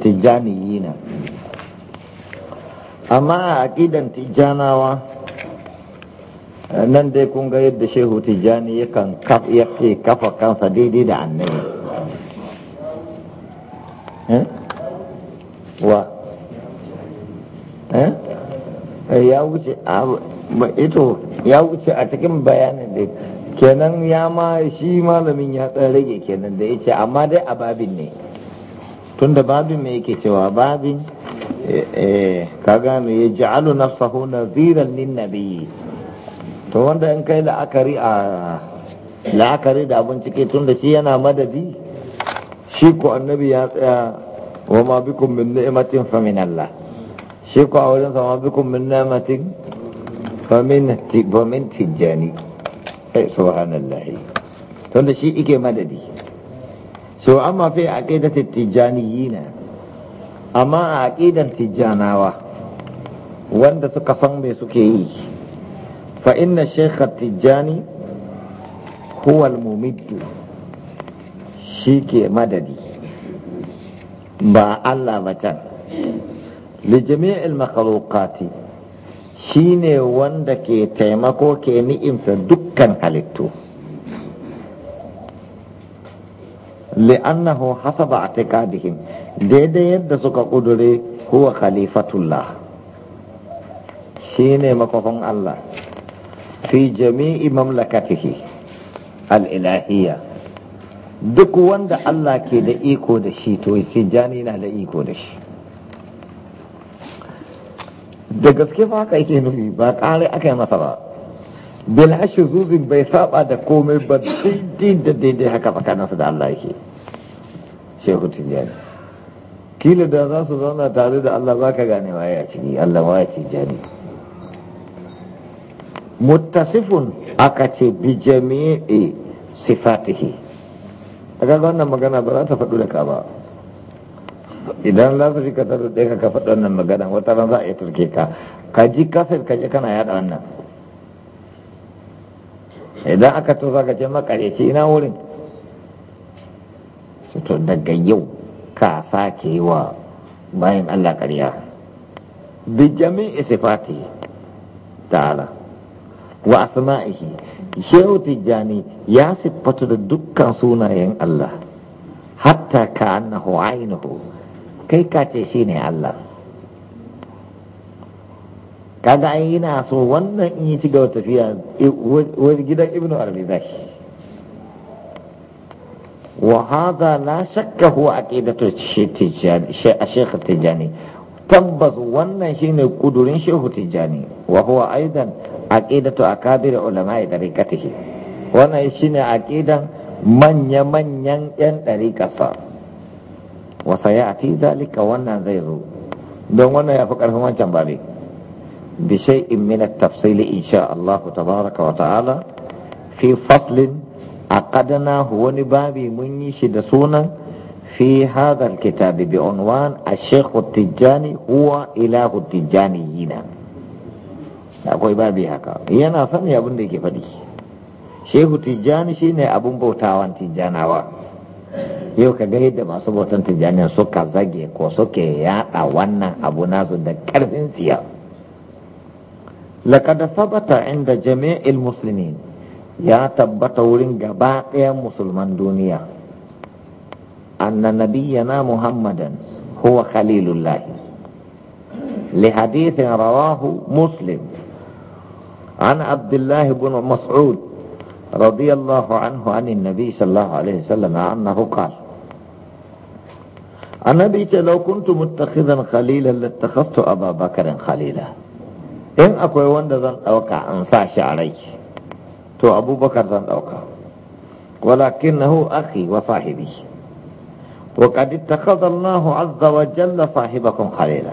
tijaniyina amma a aƙidan tijjanawa nan dai kun ga yadda shehu tijani yakan yake kafa kansa daidai da annabi eh? wa eh? Eh, ya wuce a cikin bayanin da kenan ya ma shi malamin ya tsan rage kenan da ya ce amma dai a babin ne tunda babin mai yake cewa babin eh, eh, ka gano ya na nafsahu nin na nabiyyi to wanda in kai la'akari a la'akari da abin cike tunda shi yana madadi shi ko annabi ya tsaya wa ma bikum min ni'matin fa min Allah shi ko a wurin sama bikum min ni'matin fa min fa min tijani ai eh, subhanallahi tunda shi ike madadi to amma fi yi ne, amma a aqidan Tijjanawa wanda suka san me suke yi fa inna shaykh tijani huwa shi ke madadi ba Allah ba can li Makarokati shi shine wanda ke taimako ke ni'imta dukkan halittu li'annahu hasaba i'tiqadihim daidai yadda suka kudure huwa khalifatullah shine makofin Allah fi jami'i mamlakatihi al-ilahiyya duk wanda Allah ke da iko da shi to sai jani na da iko da shi da gaske fa haka yake nufi ba ƙare aka yi masa ba bila zuzin bai saba da komai ba din da daidai haka tsakaninsu da Allah yake shehu tijjani kila da za su zauna tare da Allah za ka gane wa ya ciki Allah waye tijjani Mutasifun aka ce bi jami'i sifatihi daga wannan magana ba za ta faɗu da ka ba idan za su shiga ka tarar da ka faɗi wannan magana wata ran za a yi turke ka ka ji kasar ka je kana yaɗa wannan idan aka to za ka ce makareci ina wurin to daga yau ka sake yi wa bayan Allah ƙarya bi jami'i sifati ta'ala wa asma'ihi shehu tijjani ya siffatu da dukkan sunayen Allah hatta ka annahu ainihu kai ka ce shi ne Allah kaga an yana so wannan in yi cigaba tafiya wani gidan ibnu al ba wa hada la shakka huwa aqidatu tijani shaykh tijani tabbas wannan shine kudurin shehu tijani wa huwa aidan aqidatu akabir ulama'i tariqatihi wannan shine aqidan manya manyan yan tariqasa wa sayati dalika wannan zai zo don wannan ya fi karfin wancan ba ne. بشيء من التفصيل إن شاء الله تبارك وتعالى في فصل هو نبابي مني شدسونا في هذا الكتاب بعنوان الشيخ التجاني هو إله التجانيين أقول بابي هكا ينا سمي أبن ديك فدي شيخ التجاني شيني أبن بوتاوان تجاناوا yau ka ga yadda masu bautan tijjaniya suka zage ko suke yada wannan abu nasu da karfin siya لقد ثبت عند جميع المسلمين يا تبت ورين باقي مسلمان دنيا أن نبينا محمدا هو خليل الله لحديث رواه مسلم عن عبد الله بن مسعود رضي الله عنه عن النبي صلى الله عليه وسلم أنه قال النبي لو كنت متخذا خليلا لاتخذت أبا بكر خليلا in akwai wanda zan ɗauka an sa shi a rai to abubakar zan ɗauka walakin na hu aki wa sahibi wa kadi takazallahu azza wa jalla sahibakun khalila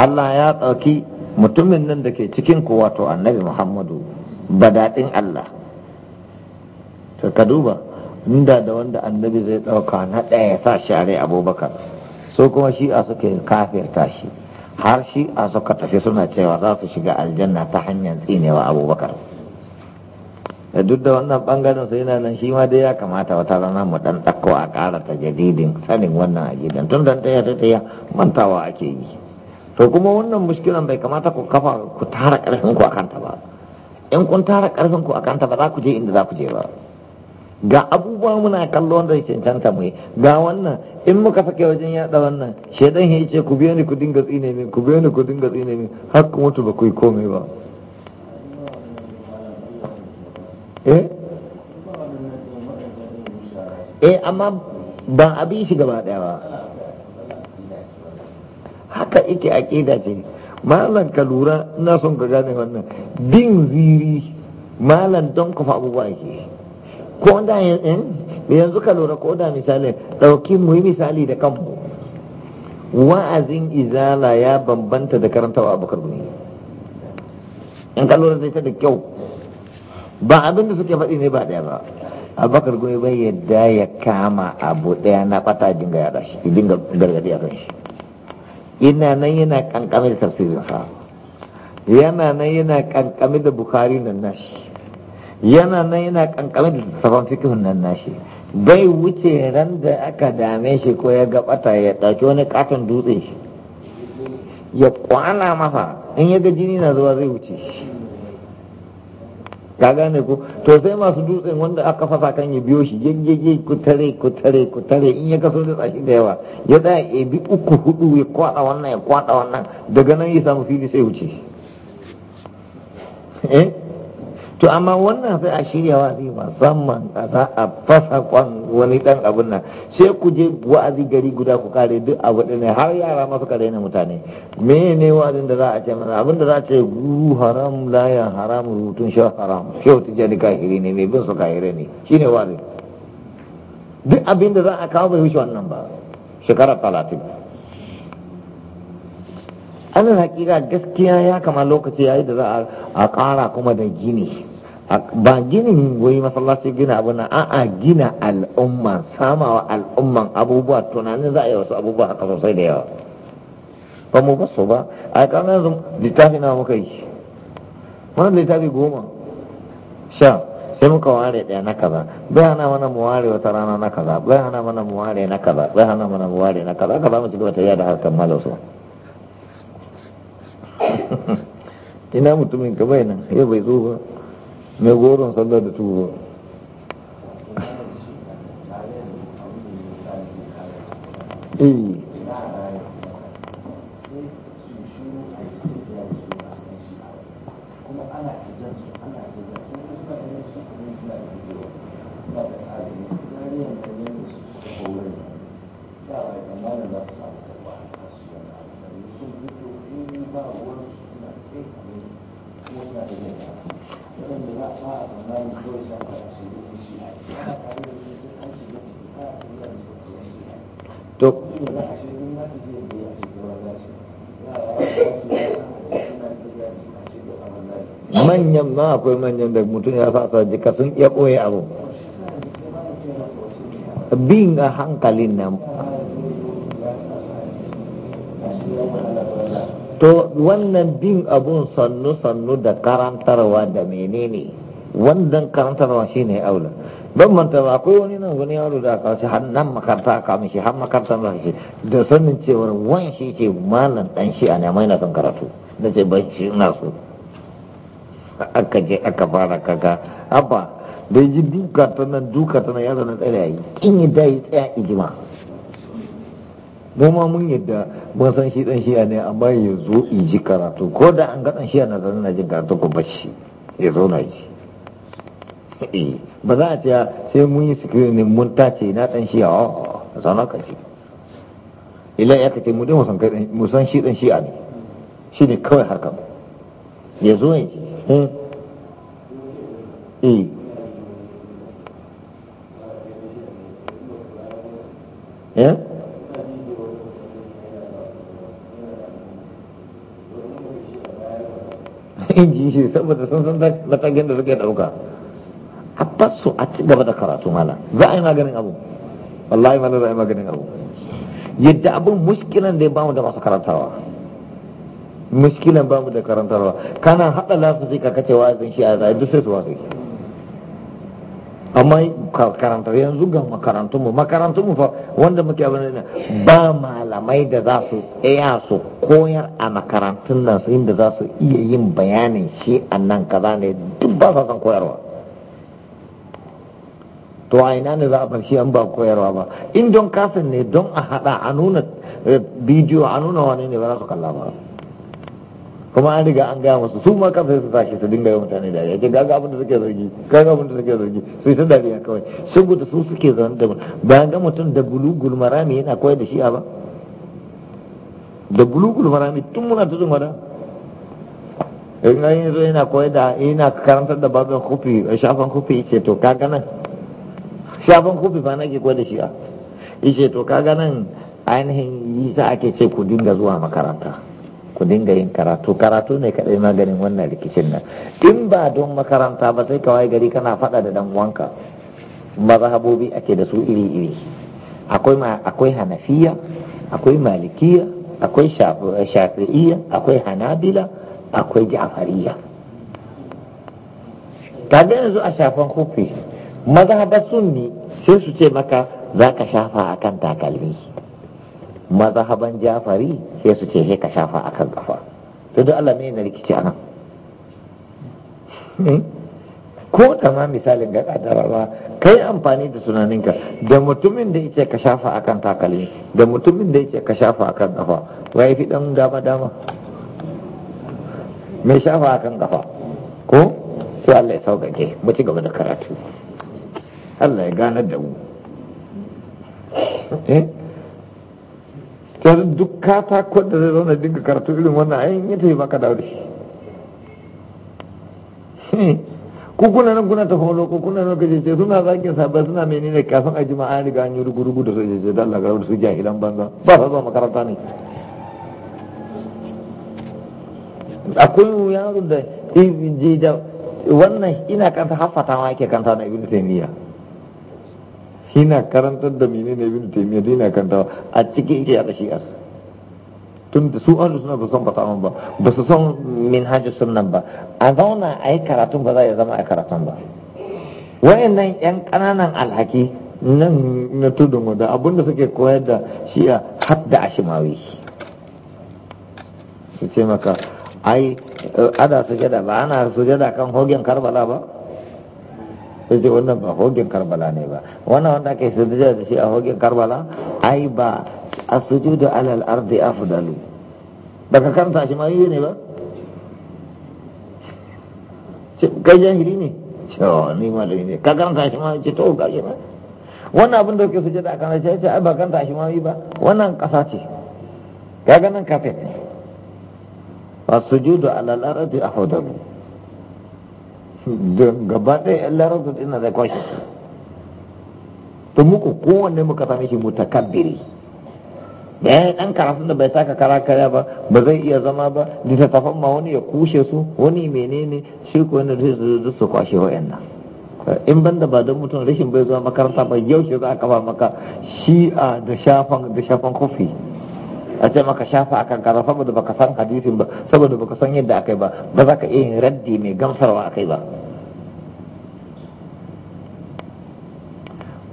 Allah ya ɗauki mutumin nan da ke cikin kowa to annabi Muhammadu daɗin Allah to ka duba inda da wanda annabi zai ɗauka na ɗaya ya sa shi a rai abubakar so kuma shi a suke kafirta shi har shi a suka tafi suna cewa za su shiga aljanna ta hanyar tsinewa abubakar da duk da wannan bangaren sai na nan shi ma dai ya kamata wata rana mu dan dakko a ƙara ta jadidin sanin wannan ajidan tun dan taya ta taya mantawa ake yi to kuma wannan muskilan bai kamata ku kafa ku tara karfin ku akan ta ba in kun tara karfin ku akan ta ba za ku je inda za ku je ba ga abubuwa muna kallo wanda cancanta mu ga wannan in muka sake wajen yada wannan shaidan ya ce ku biyo ni ku dinga tsine min ku biyo ni ku dinga tsine min har ku mutu ba ku yi komai ba eh eh amma ban abin shi gaba daya ba haka ike a ƙida ce malan ka lura ina son ka gane wannan bin ziri malan don ku fa abubuwa ke ko da yin eh? yanzu ka lura ko da misali ɗauki mu yi misali da kanmu wa'azin izala ya bambanta da karantawa abokar ne in ka lura zai ta da kyau ba abin da suke faɗi ne ba ɗaya ba abokar gumi bai yadda ya kama abu ɗaya na fata dinga yaɗa shi dinga gargaɗi a kan shi ina nan yana kankami da tafsirinsa yana nan yana kankami da bukari nan nashi yana nan yana kankami da tafsirin fikihun nan nashi bai wuce ran da aka dame shi ko ya gabata ya ɗauki wani katon dutse shi ya kwana masa in ya ga jini na zuwa zai wuce shi ka gane ku to sai masu dutsen wanda aka fasa kan ya biyo shi yayyayye ku tare ku tare ku tare in ya kaso da tsashi da yawa ya tsaya ya bi uku hudu ya kwada wannan ya kwada wannan daga nan ya samu fili sai wuce eh to amma wannan sai a shirya wa'azi musamman a za a fasa kwan wani dan abin nan sai ku je wa'azi gari guda ku kare duk abu ne har yara ma kare ne mutane me ne wa'azin da za a ce mana abin da za a ce guru haram ya haram rutun sha haram shehu tijjani kahiri ne mai bin su kahiri ne shine wa'azi duk abin da za a kawo bai wuce wannan ba shekara talatin an hakika gaskiya ya kama lokaci yayi da za a ƙara kuma da gini ba ginin wai masallaci gina abu na a'a gina al'umma samawa al'umman abubuwa tunanin za a yi wasu abubuwa haka sosai da yawa ba mu basu ba a kan yanzu littafi na muka yi wani littafi goma sha sai muka ware ɗaya na kaza bai hana mana mu ware wata rana na kaza bai hana mana mu ware na kaza bai hana mana mu ware na kaza ba mu ci gaba ta da harkar malosu ina mutumin ka bai nan yau bai zo ba ne goron sallah da turo eh. to manyan ma akwai manyan da mutum ya sa jika sun iya ɓoye abu bin a hankalin nan to wannan bin abun sannu-sannu da karantarwa da menene wannan karantarwa shi ne aula ban manta ba akwai wani nan wani yaro da aka wasu har nan makaranta aka mishi har makarta na shi da sanin cewar wani shi ce malam dan shi a nemai na son karatu na ce ban shi na so aka je aka fara kaga abba da ji duka ta nan duka ta nan yaro na tsaya yi kin yi dai tsaya ijima mu ma mun yadda mun san shi dan shiya ne amma ya zo in ji karatu ko da an ga dan shiya na zanen na jin karatu ko bashi ya zo na ji eh, ba za a ce sai mun yi ne mun tace na dan shiya a zana ka ce ila ya kace mu dai mu san kai mu san shi dan shiya ne shi ne kawai haka ya zo ya ji eh eh, eh? inji shi saboda sun san matakin da suke dauka a basu a ci gaba da karatu mana. za a yi maganin abu wallahi mala za a yi maganin abu yadda abin muskilan da ya bamu da masu karantawa muskilan bamu da karantarwa kana haɗa lasu sai ka kace wa'azin shi a zai duk sai su wasu amma karantar yanzu ga makarantunmu makarantunmu fa wanda muke abin da ba malamai da za su tsaya su koyar a makarantun nan su inda za su iya yin bayanin shi a nan kaza ne duk ba sa san koyarwa to a ina ne za a bar an ba koyarwa ba in don kasan ne don a hada a nuna eh, bidiyo a nuna wani ne ba za su kalla ba kuma an riga an gaya musu su ma kansa su sake su dinga yi mutane da ya ce ga abin da suke zargi ga abin da suke zargi su yi ta dariya kawai saboda su suke zaune da bayan ga mutum da gulugul marami yana koyar da shi a ba da gulugul marami tun muna tutun wada in ga yin zo yana koyar da yana karantar da babin kufi shafan kufi ce to kaga nan shafan kufi ba na ke koyar da a ce to kaga nan ainihin yi sa ake ce ku dinga zuwa makaranta ku dinga yin karatu karatu ne kaɗai maganin wannan rikicin nan in ba don makaranta ba sai kawai gari kana faɗa da dan uwanka mazhabobi ake da su iri iri akwai akwai hanafiya akwai malikiya akwai shafi'iyya akwai hanabila akwai ja'fariya kaga yanzu a shafan kofi mazhabar sunni sai su ce maka zaka ka shafa akan takalmi mazhaban jafari sai su ce he ka shafa akan kafa to don Allah ne na rikici nan hmm? ko da ma misalin ga kadara ba kai amfani da tunaninka da mutumin da yake ka shafa akan takalmi da mutumin da yake ka shafa akan kafa wai fi dan dama dama mai shafa akan kafa ko to Allah ya saukake mu ci gaba da karatu Allah ya ganar da mu eh yanzu duk katakon da zai zauna dinga karatu irin wannan ayin ya yi baka daure ku kuna nan kuna ta holo ko kuna nan kaje suna zakin sabai suna menene kafin a jima'a riga an yi rugu-rugu da su je da Allah garar su jahilan banza ba sa zuwa makaranta ne akwai yaro da je da wannan ina kanta haffata ma yake kanta na ibnu taymiya hina karantar da menene ibn taymiya da yana kanta a cikin yake yada shi'ar tun da su ahlus sunna ba san fatawan ba ba su san minhajus sunan ba a zauna a yi karatun ba za ya zama a karatun ba wayannan yan kananan alhaki nan na tudun da abinda suke koyar da shi'a har da ashimawi su ce maka ai eh, ada sujada ba ana sujada kan hogen karbala ba sai ce wannan ba hogin karbala ne ba wannan wanda ke sujuda da shi a hogin karbala ai ba a sujudu alal ardi afdalu ba ka karanta shi ma yi ne ba kai jahili ne to ni ma malami ne ka karanta shi ma ce to ga shi ma wannan abin da kake sujuda a kan shi ai ba karanta shi ma yi ba wannan kasa ce ga ganin kafin ne fa sujudu alal ardi afdalu gabaɗaya ɗaya yan larabta ɗin zai kwashe to muku kowanne muka same shi mutakabbiri ya yi ɗan karatun da bai taka kara kaya ba ba zai iya zama ba littattafan ma wani ya kushe su wani menene shi ko wani zai su su kwashe wa'annan in ban da ba don mutum rashin bai zuwa makaranta ba yau shi za a kafa maka shi'a da shafan kofi a ce maka shafa akan kaza saboda baka san hadisin ba saboda baka san yadda akai ba ba za ka iya yin raddi mai gamsarwa akai ba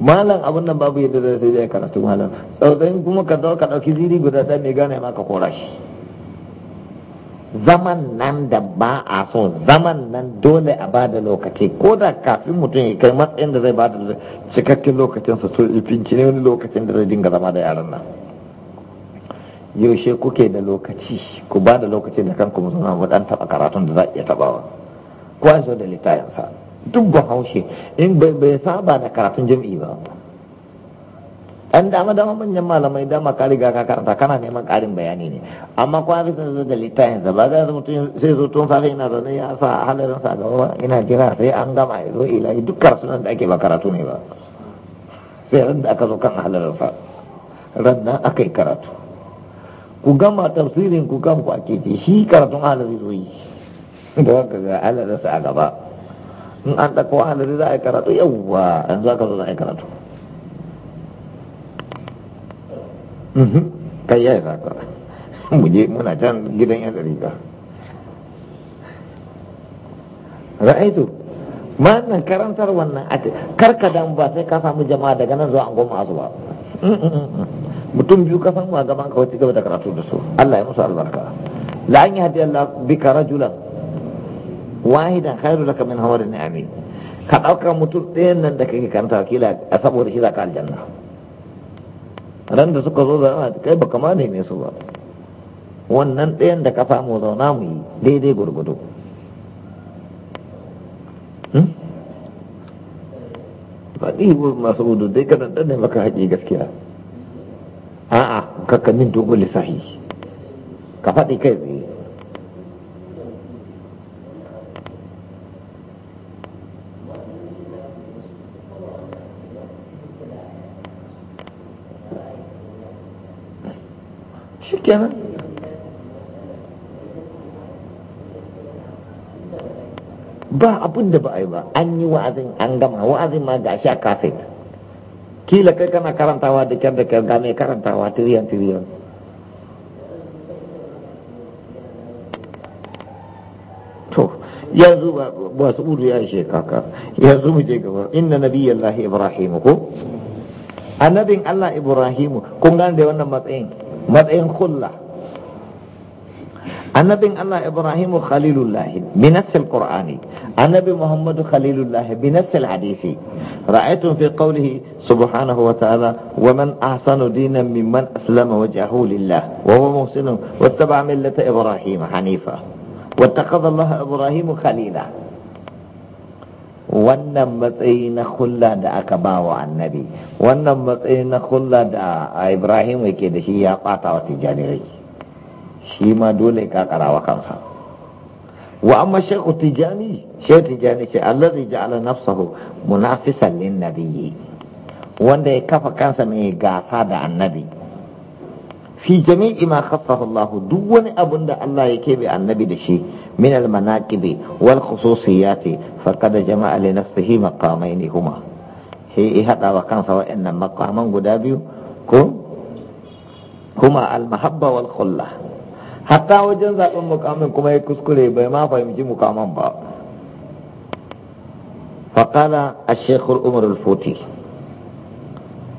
malam abun nan babu yadda zai zai karatu malam tsautsayin kuma ka zo ka ɗauki ziri guda ɗaya mai gane maka kora shi zaman nan da ba a so zaman nan dole a ba da lokaci ko da kafin mutum ya kai matsayin da zai ba da cikakken lokacinsa to ifinci ne wani lokacin da zai dinga zama da yaran nan yaushe kuke da lokaci ku ba da lokaci da kanku mu zauna mu dan taba karatun da za iya tabawa ko an zo da littafin sa duk ba haushe in bai bai saba da karatun jami'i ba an dama dama manyan malamai dama ka riga ka karanta kana neman karin bayani ne amma ko an fi zo da littafin sa ba zai mutum sai zo tun safe yana zaune ya sa halarin sa gaba ina jira sai an gama ya zo ilahi duk karatun da ake ba karatu ne ba sai ran da aka zo kan halarin sa ran nan aka yi karatu ku gama tafsirin ku kan ku ake ce shi karatun halari zoyi da wanka ga halari sa a gaba in an ɗauko halari za a yi karatu yawwa yanzu aka zo za a yi karatu mhm. kai ya yi saka mu je muna can gidan yan dariƙa ra'aitu na karantar wannan karkadan ba sai ka samu jama'a daga nan zuwa an goma asu ba mm, mm, mm, mutum biyu ka wa a gaban ka wacce gaba da karatu da su Allah ya musu albarka la an yi yahdi Allah bika rajulan wahidan khairu laka min hawar ni'ami ka dauka mutum ɗayan nan da kake karanta wakila a saboda shi za ka aljanna ran da suka zo zama kai baka ma mai su ba wannan ɗayan da ka samu zauna mu yi daidai gurgudu faɗi hmm? masu gudu dai ka ne maka haƙi gaskiya a'a kakannin dogon lissafi ka faɗi kai tsaye shi kenan ba abin da ba a yi ba an yi wa'azin an gama wa'azin ma ga shi a kaset kila kai kana karantawa da kyar da kyar ga karantawa tiriyan tiriyan to yanzu ba ba su udu ya ishe kaka yanzu mu je gaba inna allah ibrahim ko annabin Allah Ibrahimu kun gane da wannan matsayin matsayin kulla النبي الله إبراهيم خليل الله بنفس القرآن النبي محمد خليل الله بنفس الحديث رأيت في قوله سبحانه وتعالى ومن أحسن دينا ممن أسلم وجهه لله وهو محسن واتبع ملة إبراهيم حنيفة واتخذ الله إبراهيم خليلا wannan matsayin kulla da aka ba wa annabi wannan matsayin kulla da ibrahim yake da shi shi ma dole ka karawa kansa wa amma Shehu tijani Shehu tijani ce allazi ja'ala nafsahu munafisan lin nabiyyi wanda ya kafa kansa mai gasa da annabi fi jami'i ma khassahu Allah duk wani abun da Allah ya kebe annabi da shi min al manaqibi wal khususiyati faqad jama'a li nafsihi maqamaini huma he ya hada wa kansa waɗannan makaman guda biyu ko huma al mahabba wal khullah hatta wajen zaɓen mukamin kuma ya kuskure bai ma fahimci mukaman ba faƙala a shekul umar al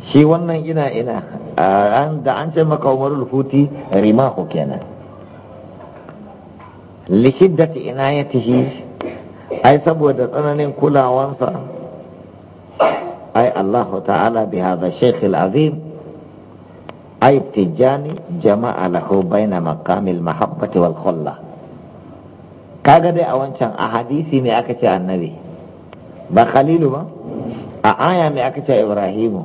shi wannan ina ina da an ce maka umar al-futi rimahu kenan ya tihi ai saboda tsananin kulawansa ai allahu ta'ala bi hadha shekul azim aitijani jama'a lahu baina maqamil mahabbati wal khulla kaga dai a wancan ahadisi ne aka ce annabi ba khalilu ba a aya ne aka ce ibrahimu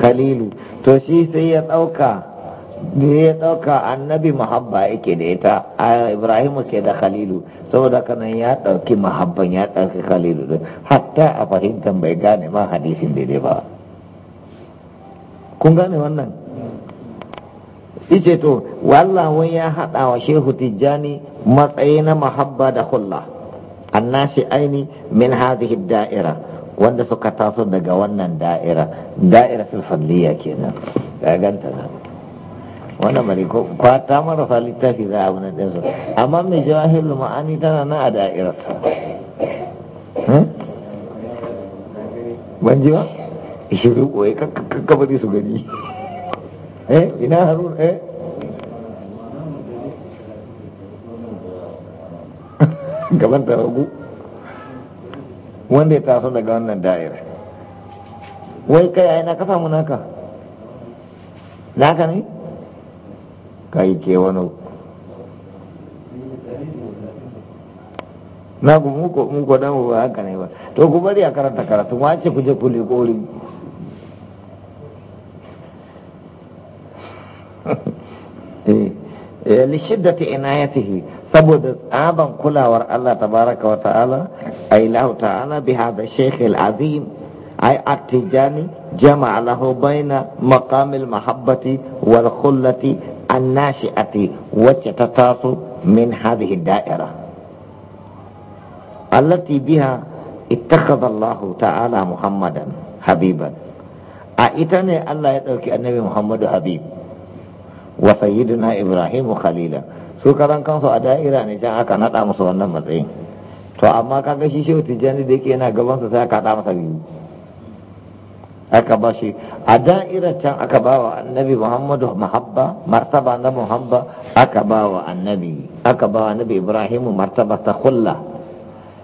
khalilu to shi sai ya dauka ya dauka annabi muhabba yake da ita a ibrahimu ke da khalilu saboda kanan ya dauki muhabban ya dauki khalilu din hatta a fahimtan bai gane ma hadisin daidai ba kun gane wannan ice to wallahun ya haɗa wa shehu tijjani matsayi na mahabba da hulla annashi aini min hadhihi da'ira wanda suka taso daga wannan da'ira da'ira sulfalliya kenan ga ganta nan wannan bari ko kwata marasa littafi za a abu nan ɗinsu amma mai jawahirul ma'ani tana na a da'irarsa hmm? ban ji ba ishirin ɓoye kakkabari su gani eh ina harun eh gaban da ragu wanda ya taso daga wannan da'ira wai kai a ina ka munaka? naka ne kai ke wani na ku muku muku dan ba haka ne ba to ku bari a karanta karatu ma ce ku je ku liƙorin Eh, lishiddati inayatihi saboda tsaban kulawar Allah tabaraka wa ta'ala ay lahu ta'ala bi hadha shaykh al-azim ay at-tijani lahu baina maqam al-mahabbati wal khullati an-nashi'ati wacce ta taso min hadhihi da'ira allati biha ittakhadha Allah ta'ala Muhammadan habiban a ita ne Allah ya dauki annabi Muhammadu habib wa sayyidina ibrahim khalila su karan kansu a da'ira ne can aka nada musu wannan matsayin to amma kaga shi shehu tijjani da yake yana gaban sa sai aka hada masa biyu aka ba shi a da'ira can aka ba wa annabi muhammadu mahabba martaba na muhabba aka ba wa annabi aka ba wa annabi ibrahimu martaba ta kulla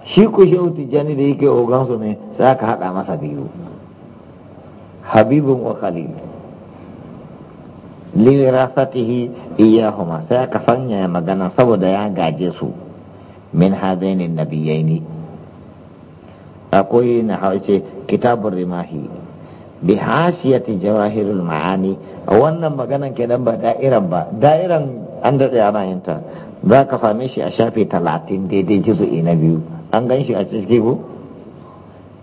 shi ku shehu tijjani da yake ogansu ne sai aka hada masa biyu habibun wa khalil lirafatihi iyahuma sai aka sanya ya magana saboda ya gaje su min hadaini nabiyaini akwai na hauce kitabun rimahi bi hasiyati jawahirul ma'ani a wannan maganan kenan ba da'iran ba da'iran an daɗe ana yin za ka same shi a shafi talatin daidai jizu'i na biyu an gan shi a cikin ko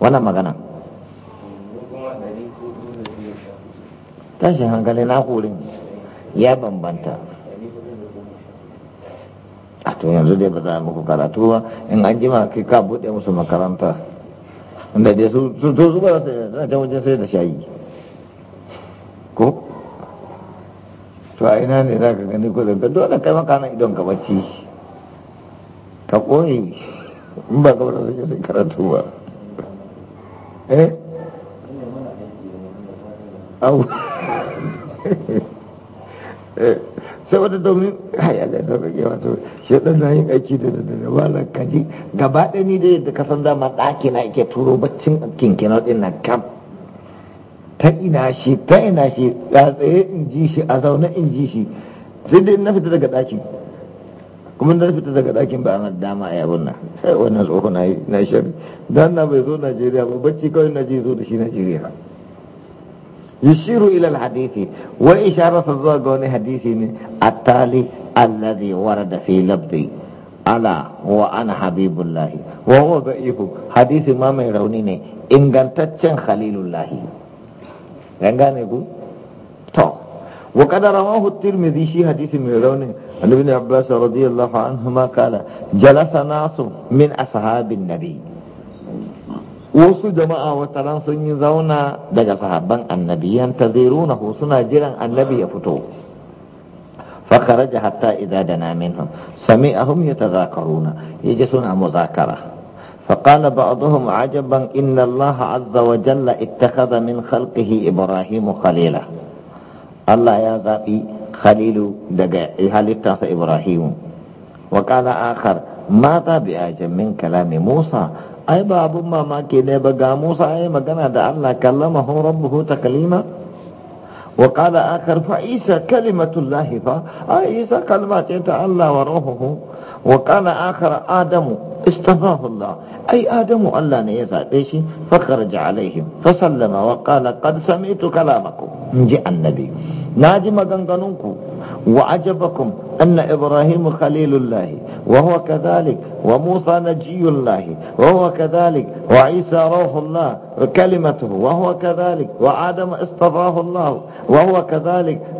wannan maganan tashin hankali na kurin ya bambanta a to yanzu dai ba za a muku karatu ba in an jima kai ka buɗe musu makaranta inda dai su to su ba za ta wajen sai da shayi ko to a ina ne za ka gani ko zanga dole kai maka nan idon ka bacci ka koyi in ba ka ba za sai karatu ba eh saboda domin haya da sauran yawa wato shi dan yin aiki da da wala kaji gaba ɗaya ni da yadda kasan ma daki na ake turo baccin kinkinar din na kam ta ina shi ta ina shi a tsaye in ji shi a zaune in ji shi sai dai na fita daga ɗakin kuma na fita daga ɗakin ba a dama a yabon na sai wannan tsoho na yi na dan na bai zo najeriya ba bacci kawai na je zo da shi najeriya يشير إلى الحديث وإشارة الزوجون حديث التالي الذي ورد في لبدي على هو أنا حبيب الله وهو ضعيف حديث ما من رونيني إن كنت خليل الله يعني تو وقد رواه الترمذي شي حديث من رونين عن ابن عباس رضي الله عنهما قال جلس ناس من أصحاب النبي wasu jama'a wata ran sun yi zauna daga sahabban annabi yan ta zeronahu suna jiran annabi ya fito fakara ji hatta idan da namin hun sami ahun ya ta zakaruna ya ji suna muzakara فقال بعضهم عجبا إن الله عز وجل اتخذ من خلقه إبراهيم خليلا الله يزاقي خليل دقاء هل إبراهيم وقال آخر ماذا بأعجب من Musa. ai ba abun mamaki ne ba ga Musa ya magana da Allah kallamahu rabbuhu taklima wa qala akhar fa Isa kalimatullah fa ai Isa kalma ce ta Allah wa ruhuhu wa qala akhar Adamu istafahu Allah ai Adamu Allah ne ya zabe shi fa kharaja alaihim fa sallama wa qala qad sami'tu kalamakum annabi na ji maganganunku wa ajabakum anna ibrahim khalilullah wa huwa wa musa najiyullah wa huwa kadhalik wa isa ruhullah kalimatuhu wa huwa kadhalik wa adam istafahu allah wa huwa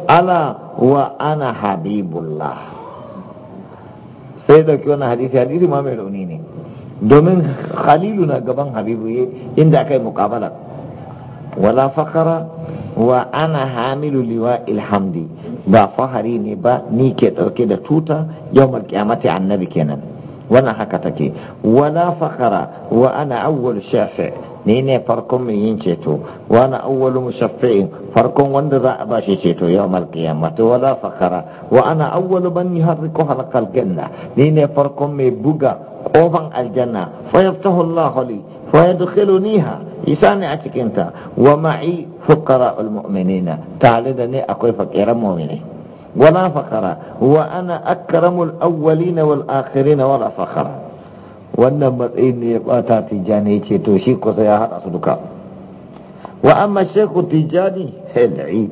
ala wa ana habibullah sai da ke wani hadisi hadisi ma mai rauni ne domin na gaban habibu inda aka yi muƙabala wala fakara wa ana hamilu liwa ilhamdi ba fahari ne ba ni ke ɗauke da tuta yau malƙiyamata annabi kenan wannan haka take wala fakara wa ana awwal shafi ni ne farkon mai yin ceto wa ana awwalu mushaffi'in farkon wanda za a ba shi ceto yau malƙiyamata wala fakara wa ana awwalu man yuharriku halqal janna ne ne farkon mai buga kofan aljanna fa yaftahu Allahu li fa ha isa ne a cikinta wa ma'i فقراء المؤمنين تعالدني أقول فقير مؤمنين ولا فقراء وأنا أكرم الأولين والآخرين wala فخر wannan matsayin ne ya bata tijjani ce to shi kusa ya haɗa su duka wa amma shekhu tijjani hil'i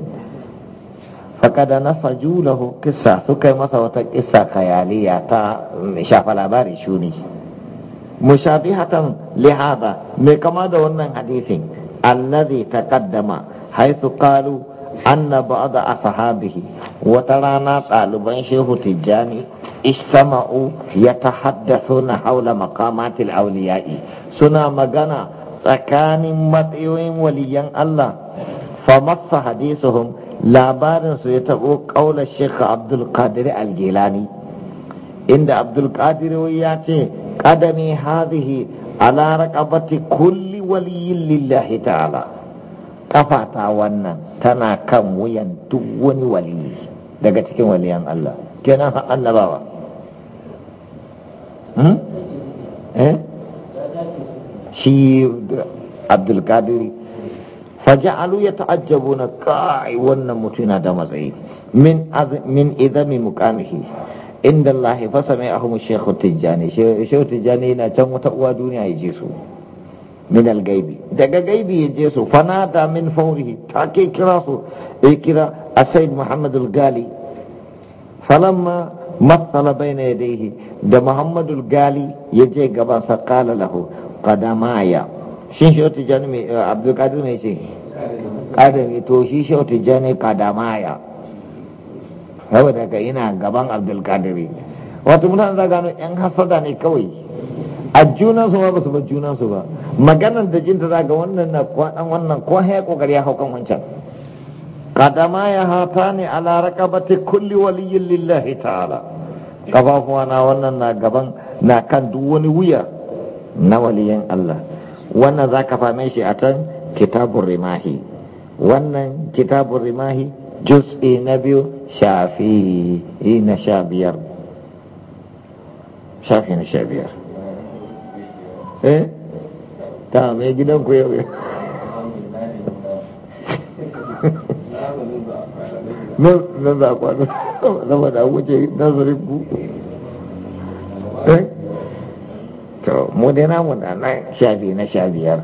faƙada nasa julahu kissa suka yi masa wata kisa kayaliya ta shafa labari shuni mushabihatan lihada mai kama da wannan hadisin alladhi taqaddama haythu qalu anna ba'da ashabihi wa tarana taluban shehu tijani istama'u yatahaddathuna hawla maqamatil awliya'i suna magana tsakanin matsayoyin waliyan Allah fa massa hadisuhum labarin su ya tabo qaulan sheikh abdul qadir al-gilani inda abdul qadir ya ce qadami hadhihi ala raqabati kulli waliyin lillahi ta'ala kafata wannan tana kan wuyan duk wani waliyi daga cikin waliyan Allah kenan annabawa hmm? eh? shi Abdul faja'alu ya ta'ajjabu na kai wannan mutum yana da matsayi min min idami muqamihi inda Allah fa sami'ahu shaykhu tijani shaykhu tijani yana can wata uwa duniya ya ji su min gaibi daga gaibi ya je su fanada min faurihi take kira su ya kira asaid muhammad al-gali falamma matsala bayna yadayhi da muhammad al-gali ya je gaban sa qala lahu shin shi wata jani mai eh, abdul qadir mai ce kadami to shi shi wata jani qadamaya ina gaban abdul qadir wato mutane za gano yan hasada ne kawai a junansu ma ba su bar su ba Maganan da jinta za ga wannan na kwaɗan wannan ko haya ƙoƙari ya kan wancan kadama ya hata ne ala rakabati kulli waliyin lillahi ta'ala kafafuwa na wannan na gaban na kan duk wani wuya na waliyan Allah wannan za ka fame shi a can kitabun rimahi wannan kitabun rimahi juz'i na biyu shafi na sha biyar shafi na sha biyar eh ta mai gidan ku yau nan za ku na zama da wuce nazarin ku eh? to mu dai namu na nan sha na sha biyar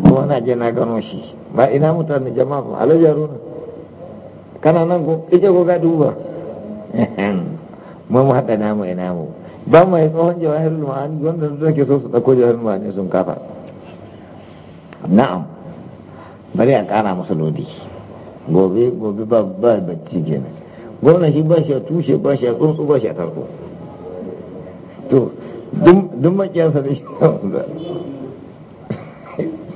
kuma na je na gano shi ba ina mutane jama'a ba alajar runa kana nan ko ike ko ga duba mu hada namu ina mu ba mu yi tsohon jawahirul ma'ani wanda su ke so su ɗauko jawahirul ma'ani sun kafa na'am bari a ƙara masa lodi gobe gobe ba ba bacci kenan gwamna shi ba shi a tushe ba shi a tsuntsu ba shi a tarko to duk makiyarsa da shi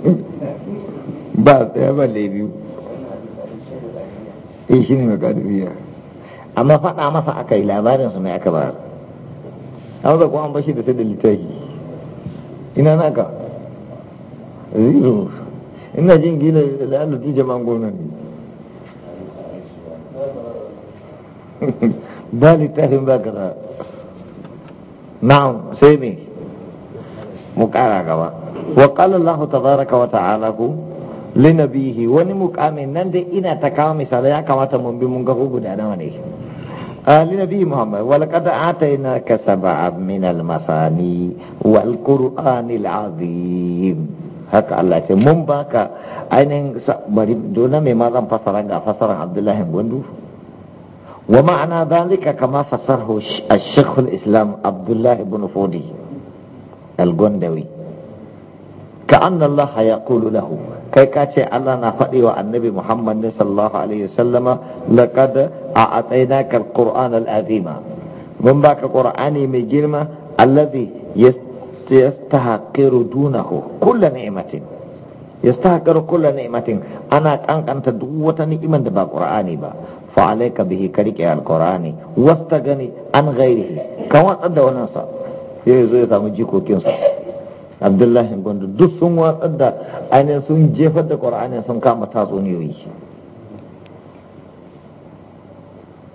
ba tsaye ba biyu eh shi ne mai amma faɗa masa aka yi labarinsu mai aka ba. an zaku an bashi da ta da littafi ina naka zero ina jin gila da lalatu jama'an gwamnan ne ba littafin ba kaza na'am sai ne mu kara gaba wa qala Allah tabaraka wa ta'ala ku linabihi wani mukamin nan dai ina ta kawo misalai ya kamata mun bi mun ga guda nawa ne Ali Nabi Muhammad walaqad atayna ka sab'an minal masani wal qur'anil azim haka Allah ce mun baka ainin bari dona mai magan fasara ga fasaran Abdullah bin Bundu wa ma'ana dhalika kama fasarahu a shaykh islam Abdullah ibn Fudi al-Gondawi ka anna Allah yaqulu lahu kai ka ce Allah na faɗi wa annabi Muhammad ne sallallahu alaihi wasallama laqad a'tainaka al-Qur'an al-azima mun baka Al-ƙur'ani mai girma alladhi yastahqiru dunahu kullu ni'matin yastahqiru kullu ni'imatin ana kankanta duk wata ni'iman da ba Al-ƙur'ani ba fa alayka bihi karike al-Qur'ani wastagani an gairihi. ka watsar da wannan sa sai zo ya samu jikokinsa. abdullahi gondo duk sun watsar da ainihin sun jefar da ƙwar'ani sun kama tatsuniyoyi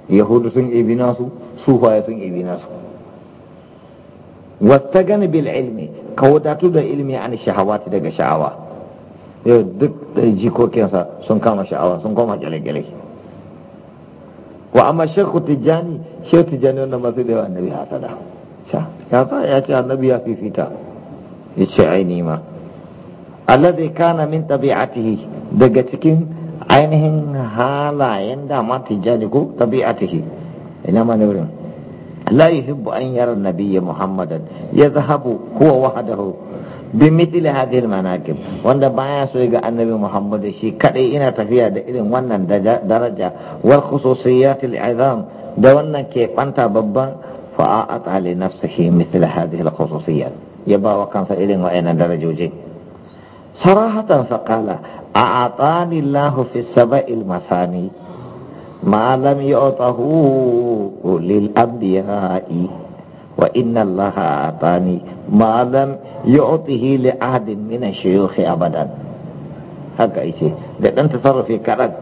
yahudu sun ibi nasu sufaye sun ibi nasu wata gani bil ilmi ka wadatu da ilmi an shahawati daga sha'awa yau duk da jikokinsa sun kama sha'awa sun koma gyale-gyale wa amma shekhu tijjani shekhu tijjani wanda masu da yawa annabi hasada ya ya ce annabi ya fifita yace aini ma alladhi kana min tabi'atihi daga cikin ainihin halayen da ma tijani ko tabi'atihi ina ma ne wurin la yuhibbu an yara nabiyya muhammadan yadhhabu huwa wahdahu bi mithli hadhihi manaqib wanda baya so ga annabi muhammad shi kadai ina tafiya da irin wannan daraja wal khususiyat al izam da wannan ke banta babban fa'a atali nafsihi mithla hadhihi al khususiyat ya ba wa kansa irin wa'annan darajoji sarahatan faƙala a atani lahu fi saba'il masani ma lam yu'tahu lil anbiya'i wa inna allaha atani ma lam yu'tihi li ahadin min ash abadan haka yace da dan tasarrufi kadan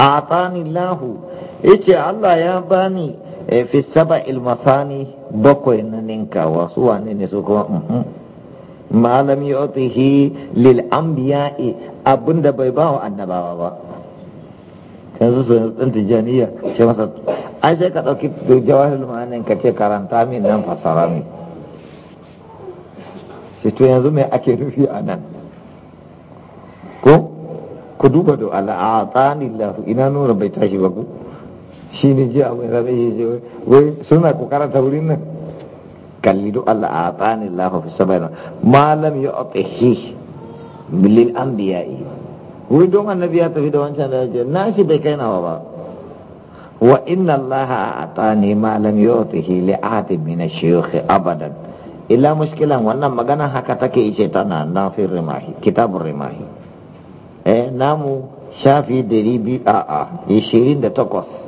atani lahu yace Allah ya bani Eh, fi saba ilmasani bakwai na ninkawa su wane ne su kuma mhm. malam ya otihi lil anbiya'i abinda bai ba annabawa ba yanzu su tsin tijaniya ce masa ai sai ka ɗauki jawahir ma'anin ka ce karanta min nan fasara min shi to yanzu me ake rufi a nan ko ku duba da al'atani lahu ina nuna bai tashi ba ku shi ne ji abu da zai je wai suna kokarin ta wurin nan kalli duk Allah a tsani lafa fi sabai malam ya otihi bilil anbiya'i wai don annabi ya tafi da wancan da ya na shi bai kai nawa ba wa inna Allah a tsani malam ya otihi li'adin min shiyukhi abadan illa muskilan wannan magana haka take ice tana na fi rimahi kitabun rimahi eh namu shafi biyu. a'a 28